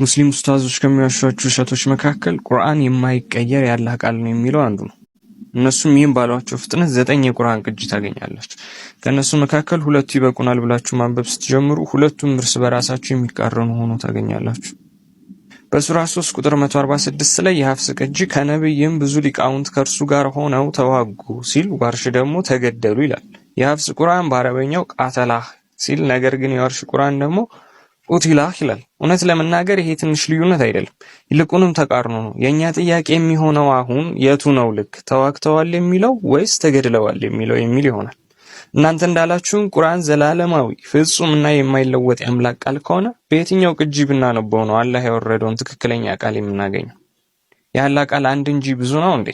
ሙስሊም ኡስታዞች ከሚዋሿቸው ውሸቶች መካከል ቁርአን የማይቀየር የአላህ ቃል ነው የሚለው አንዱ ነው። እነሱም ይህን ባሏቸው ፍጥነት ዘጠኝ የቁርአን ቅጂ ታገኛላችሁ። ከእነሱ መካከል ሁለቱ ይበቁናል ብላችሁ ማንበብ ስትጀምሩ ሁለቱም እርስ በራሳቸው የሚቃረኑ ሆኖ ታገኛላችሁ። በሱራ 3 ቁጥር 146 ላይ የሐፍስ ቅጂ ከነብይም ብዙ ሊቃውንት ከእርሱ ጋር ሆነው ተዋጉ ሲል ዋርሽ ደግሞ ተገደሉ ይላል። የሐፍስ ቁርአን በአረበኛው ቃተላህ ሲል ነገር ግን የዋርሽ ቁርአን ደግሞ ኡቲላ ይላል። እውነት ለመናገር ይሄ ትንሽ ልዩነት አይደለም፣ ይልቁንም ተቃርኖ ነው። የእኛ ጥያቄ የሚሆነው አሁን የቱ ነው ልክ ተዋግተዋል የሚለው ወይስ ተገድለዋል የሚለው የሚል ይሆናል። እናንተ እንዳላችሁን ቁርአን ዘላለማዊ ፍጹም እና የማይለወጥ የአምላክ ቃል ከሆነ በየትኛው ቅጂ ብናነበው ነው አላህ ያወረደውን ትክክለኛ ቃል የምናገኘው? የአላህ ቃል አንድ እንጂ ብዙ ነው እንዴ?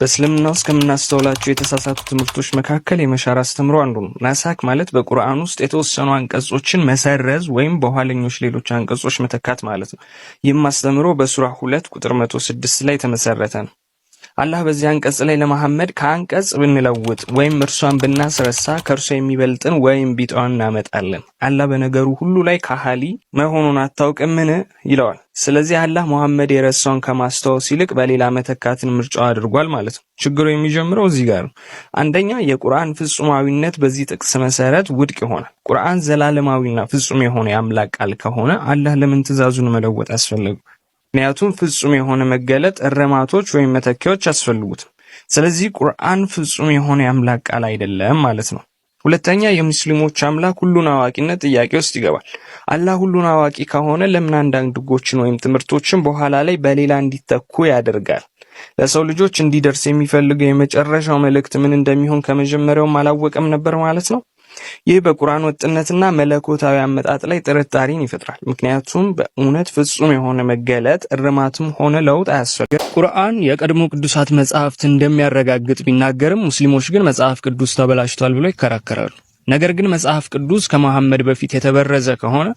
በእስልምና ውስጥ ከምናስተውላቸው የተሳሳቱ ትምህርቶች መካከል የመሻር አስተምሮ አንዱ ነው። ናሳክ ማለት በቁርአን ውስጥ የተወሰኑ አንቀጾችን መሰረዝ ወይም በኋለኞች ሌሎች አንቀጾች መተካት ማለት ነው። ይህም አስተምሮ በሱራ ሁለት ቁጥር መቶ ስድስት ላይ የተመሰረተ ነው። አላህ በዚህ አንቀጽ ላይ ለመሐመድ ከአንቀጽ ብንለውጥ ወይም እርሷን ብናስረሳ ከእርሷ የሚበልጥን ወይም ቢጠዋን እናመጣለን። አላህ በነገሩ ሁሉ ላይ ካሃሊ መሆኑን አታውቅምን ይለዋል። ስለዚህ አላህ መሐመድ የረሳውን ከማስታወስ ይልቅ በሌላ መተካትን ምርጫው አድርጓል ማለት ነው። ችግሩ የሚጀምረው እዚህ ጋር ነው። አንደኛ የቁርአን ፍጹማዊነት በዚህ ጥቅስ መሰረት ውድቅ ይሆናል። ቁርአን ዘላለማዊና ፍጹም የሆነ የአምላክ ቃል ከሆነ አላህ ለምን ትእዛዙን መለወጥ አስፈለገው? ምክንያቱም ፍጹም የሆነ መገለጥ እርማቶች ወይም መተኪያዎች አያስፈልጉትም። ስለዚህ ቁርአን ፍጹም የሆነ የአምላክ ቃል አይደለም ማለት ነው። ሁለተኛ የሙስሊሞች አምላክ ሁሉን አዋቂነት ጥያቄ ውስጥ ይገባል። አላህ ሁሉን አዋቂ ከሆነ ለምን አንዳንድ ሕጎችን ወይም ትምህርቶችን በኋላ ላይ በሌላ እንዲተኩ ያደርጋል? ለሰው ልጆች እንዲደርስ የሚፈልገው የመጨረሻው መልእክት ምን እንደሚሆን ከመጀመሪያውም አላወቀም ነበር ማለት ነው። ይህ በቁርአን ወጥነትና መለኮታዊ አመጣጥ ላይ ጥርጣሬን ይፈጥራል። ምክንያቱም በእውነት ፍጹም የሆነ መገለጥ እርማትም ሆነ ለውጥ አያስፈልግም። ቁርአን የቀድሞ ቅዱሳት መጽሐፍት እንደሚያረጋግጥ ቢናገርም ሙስሊሞች ግን መጽሐፍ ቅዱስ ተበላሽቷል ብለው ይከራከራሉ። ነገር ግን መጽሐፍ ቅዱስ ከመሐመድ በፊት የተበረዘ ከሆነ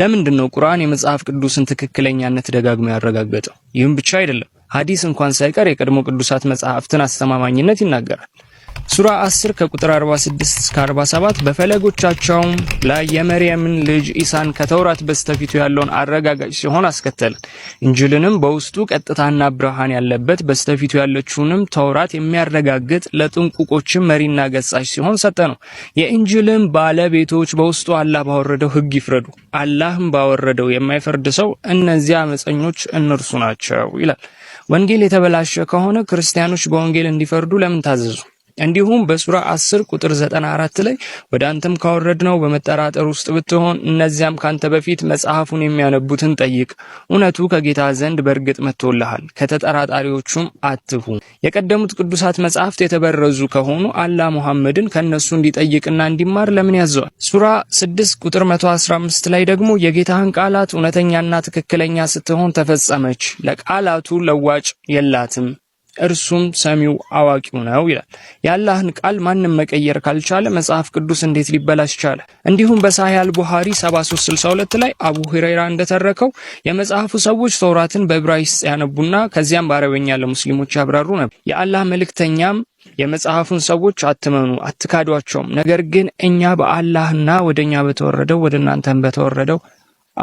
ለምንድን ነው ቁርአን የመጽሐፍ ቅዱስን ትክክለኛነት ደጋግሞ ያረጋገጠው? ይህም ብቻ አይደለም፣ ሐዲስ እንኳን ሳይቀር የቀድሞ ቅዱሳት መጽሐፍትን አስተማማኝነት ይናገራል። ሱራ 10 ከቁጥር 46 እስከ 47 በፈለጎቻቸው ላይ የመርየምን ልጅ ኢሳን ከተውራት በስተፊቱ ያለውን አረጋጋጭ ሲሆን አስከተልን። እንጅልንም በውስጡ ቀጥታና ብርሃን ያለበት በስተፊቱ ያለችውንም ተውራት የሚያረጋግጥ ለጥንቁቆችም መሪና ገጻሽ ሲሆን ሰጠ ነው። የእንጅልም ባለቤቶች በውስጡ አላህ ባወረደው ህግ ይፍረዱ። አላህም ባወረደው የማይፈርድ ሰው እነዚያ አመፀኞች እነርሱ ናቸው ይላል። ወንጌል የተበላሸ ከሆነ ክርስቲያኖች በወንጌል እንዲፈርዱ ለምን ታዘዙ? እንዲሁም በሱራ 10 ቁጥር 94 ላይ ወደ አንተም ካወረድነው በመጠራጠር ውስጥ ብትሆን እነዚያም ካንተ በፊት መጽሐፉን የሚያነቡትን ጠይቅ፣ እውነቱ ከጌታ ዘንድ በእርግጥ መጥቶልሃል፣ ከተጠራጣሪዎቹም አትሁ የቀደሙት ቅዱሳት መጽሐፍት የተበረዙ ከሆኑ አላ ሙሐመድን ከእነሱ እንዲጠይቅና እንዲማር ለምን ያዘዋል? ሱራ 6 ቁጥር 115 ላይ ደግሞ የጌታህን ቃላት እውነተኛና ትክክለኛ ስትሆን ተፈጸመች፣ ለቃላቱ ለዋጭ የላትም እርሱም ሰሚው አዋቂው ነው ይላል። የአላህን ቃል ማንም መቀየር ካልቻለ መጽሐፍ ቅዱስ እንዴት ሊበላሽ ቻለ? እንዲሁም በሳሂህ ቡኻሪ 7362 ላይ አቡ ሁረይራ እንደተረከው የመጽሐፉ ሰዎች ተውራትን በዕብራይስጥ ያነቡና ከዚያም በአረበኛ ለሙስሊሞች ያብራሩ ነበር። የአላህ መልእክተኛም የመጽሐፉን ሰዎች አትመኑ፣ አትካዷቸውም፣ ነገር ግን እኛ በአላህና ወደኛ በተወረደው ወደ እናንተም በተወረደው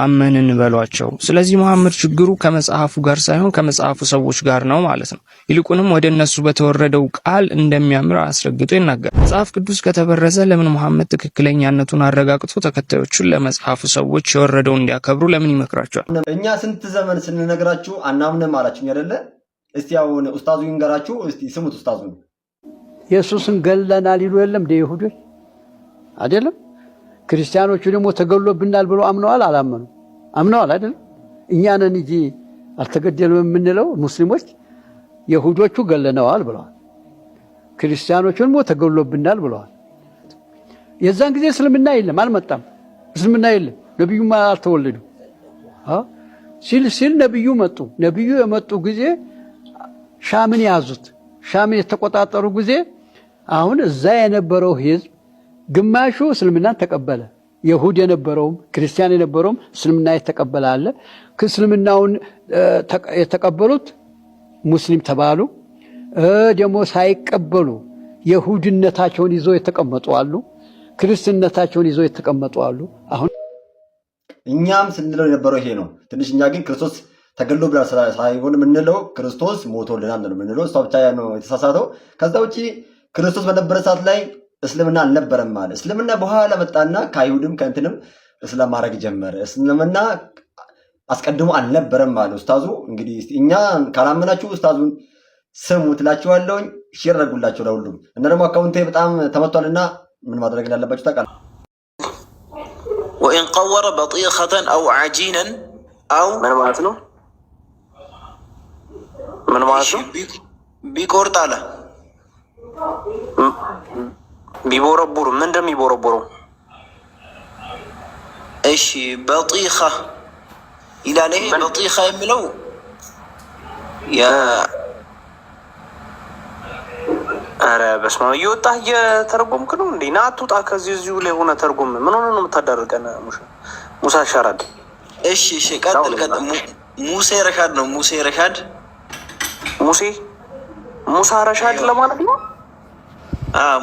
አመንን በሏቸው። ስለዚህ መሐመድ ችግሩ ከመጽሐፉ ጋር ሳይሆን ከመጽሐፉ ሰዎች ጋር ነው ማለት ነው። ይልቁንም ወደ እነሱ በተወረደው ቃል እንደሚያምር አስረግጦ ይናገራል። መጽሐፍ ቅዱስ ከተበረዘ ለምን መሐመድ ትክክለኛነቱን አረጋግጦ ተከታዮቹን ለመጽሐፉ ሰዎች የወረደው እንዲያከብሩ ለምን ይመክራቸዋል? እኛ ስንት ዘመን ስንነግራችሁ አናምንም አላችሁ አይደለ? እስቲ አሁን ኡስታዙ ይንገራችሁ። እስቲ ስሙት ኡስታዙ ኢየሱስን ገለናል ይሉ የለም ደ ይሁዶች አይደለም ክርስቲያኖቹ ደግሞ ተገሎብናል ብለው አምነዋል። አላመኑ አምነዋል አይደለም። እኛንን እንጂ አልተገደልም የምንለው ሙስሊሞች የሁዶቹ ገለነዋል ብለዋል። ክርስቲያኖቹ ደግሞ ተገሎብናል ብለዋል። የዛን ጊዜ እስልምና የለም አልመጣም። እስልምና የለም ነቢዩም አልተወለዱ ሲል ሲል ነቢዩ መጡ። ነቢዩ የመጡ ጊዜ ሻምን ያዙት። ሻምን የተቆጣጠሩ ጊዜ አሁን እዛ የነበረው ህዝብ ግማሹ እስልምናን ተቀበለ። የሁድ የነበረውም ክርስቲያን የነበረውም እስልምና የተቀበለ አለ። እስልምናውን የተቀበሉት ሙስሊም ተባሉ። ደግሞ ሳይቀበሉ የሁድነታቸውን ይዞ የተቀመጡ አሉ። ክርስትነታቸውን ይዘው የተቀመጡ አሉ። አሁን እኛም ስንለው የነበረው ይሄ ነው። ትንሽ እኛ ግን ክርስቶስ ተገሎ ብላ ሳይሆን የምንለው ክርስቶስ ሞቶልናል ነው የምንለው። እሷ ብቻ ነው የተሳሳተው። ከዛ ውጭ ክርስቶስ በነበረ ሰዓት ላይ እስልምና አልነበረም ማለት። እስልምና በኋላ መጣና ከአይሁድም ከእንትንም እስላም ማድረግ ጀመረ። እስልምና አስቀድሞ አልነበረም ማለት። ኡስታዙ እንግዲህ እኛ ካላመናችሁ ኡስታዙን ስሙ ትላችኋለውኝ ሼር ለሁሉም እና ደግሞ አካውንቴ በጣም ተመቷልና ምን ማድረግ እንዳለባችሁ ታውቃል። ወኢን ቀወረ በጢኸተን አው ዓጂነን አው ምን ማለት ነው? ምን ማለት ነው? ቢቆርጥ አለ ቢቦረቡሩ ምን እንደሚቦረቡሩ እሺ። በጢኻ ይላል። ይሄ በጢኻ የሚለው ኧረ በስመ አብ እየወጣህ እየተረጎምክ ነው እንዴ? ና አትውጣ ከዚህ እዚሁ ላይ ሆነ ተርጎም። ምን ሆነ ነው የምታዳርቀን? ሙሳ ሻራድ። እሺ እሺ፣ ቀጥል ቀጥል። ሙሴ ረሻድ ነው። ሙሴ ረሻድ፣ ሙሴ ሙሳ ረሻድ ለማለት ነው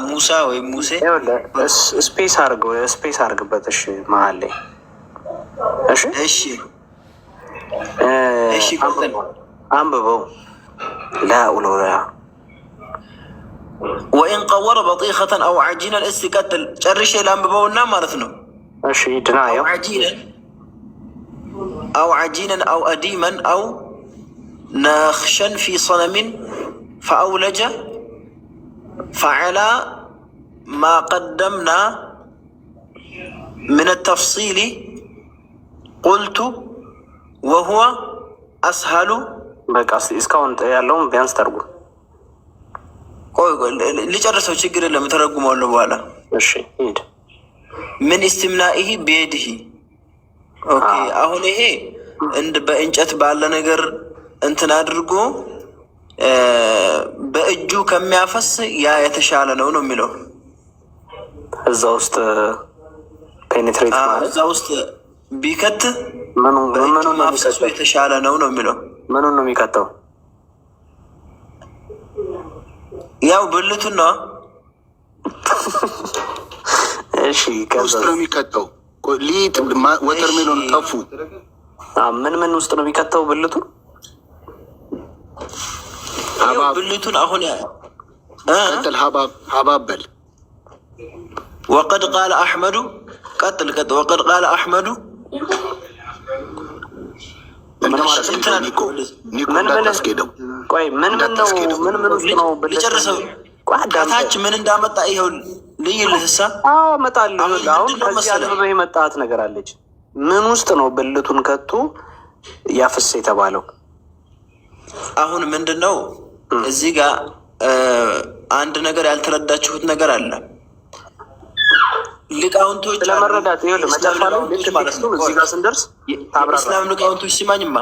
ሙሳ ወይም ሙሴ ስፔስ አርገው ስፔስ አርግበት። እሺ መሀል ላይ እሺ፣ እሺ፣ እሺ። አንብበው ላኡሎላ ወኢን ቀወረ በጢኸተን አው ዓጂነን። እስቲ ቀጥል ጨርሼ ላንብበውና ማለት ነው። እሺ ድና ያው አው ዓጂነን አው አዲመን አው ነኽሸን ፊ ሰነሚን ፈአውለጀ ፈዐላ ማ ቀደምና ምን ተፍሲሊ ቁልቱ ወሁዋ አስሀሉ። በቃ እስካሁን ያለውን ቢያንስ ተርጉም። ልጨርሰው፣ ችግር የለም ተረጉመዋለሁ በኋላ። ምን ኢስቲምናኢሂ ቢየዲሂ። አሁን ይሄ በእንጨት ባለ ነገር እንትን አድርጎ እጁ ከሚያፈስ ያ የተሻለ ነው ነው የሚለው እዛ ውስጥ ፔኔትሬት እዛ ውስጥ ቢከት ማፍሰሱ የተሻለ ነው ነው የሚለው ምኑን ነው የሚቀጠው? ያው ብልቱን ነው። እሺ ውስጥ ነው የሚቀጠው። ሊጥ ወተርሜሎን ጠፉ። ምን ምን ውስጥ ነው የሚከተው ብልቱ ብልቱን አሁን ቀጥል፣ ሀባብ በል። ወቀድ ቃለ አሕመዱ ቀጥል፣ ቀጥል። ወቀድ ቃለ አሕመዱ ምን እንዳመጣ ልይ ልህሳ እመጣለሁ። አሁን ከዚህ የመጣት ነገር አለች። ምን ውስጥ ነው ብልቱን ከቶ ያፍስ የተባለው? አሁን ምንድን ነው እዚህ ጋር አንድ ነገር ያልተረዳችሁት ነገር አለ። ሊቃውንቶች ለመረዳት የኢስላም ሊቃውንቶች ሲማኝማ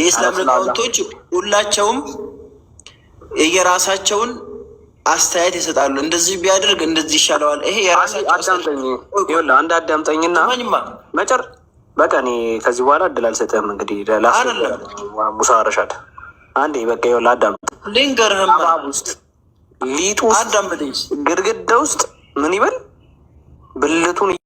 የእስላም ሊቃውንቶች ሁላቸውም የራሳቸውን አስተያየት ይሰጣሉ። እንደዚህ ቢያደርግ እንደዚህ ይሻለዋል። ይሄ የራሳቸውአዳምጠኝ አንድ አዳምጠኝና መጨር በቃ እኔ ከዚህ በኋላ እድል አልሰጠህም። እንግዲህ ሙሳ ረሻድ አንዴ በቃ ይኸውልህ አዳምጥ፣ ልንገርህም ውስጥ ሊጡ ግድግዳ ውስጥ ምን ይበል ብልቱን